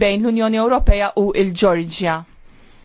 bejn l-Unjoni Ewropea u l ġorġja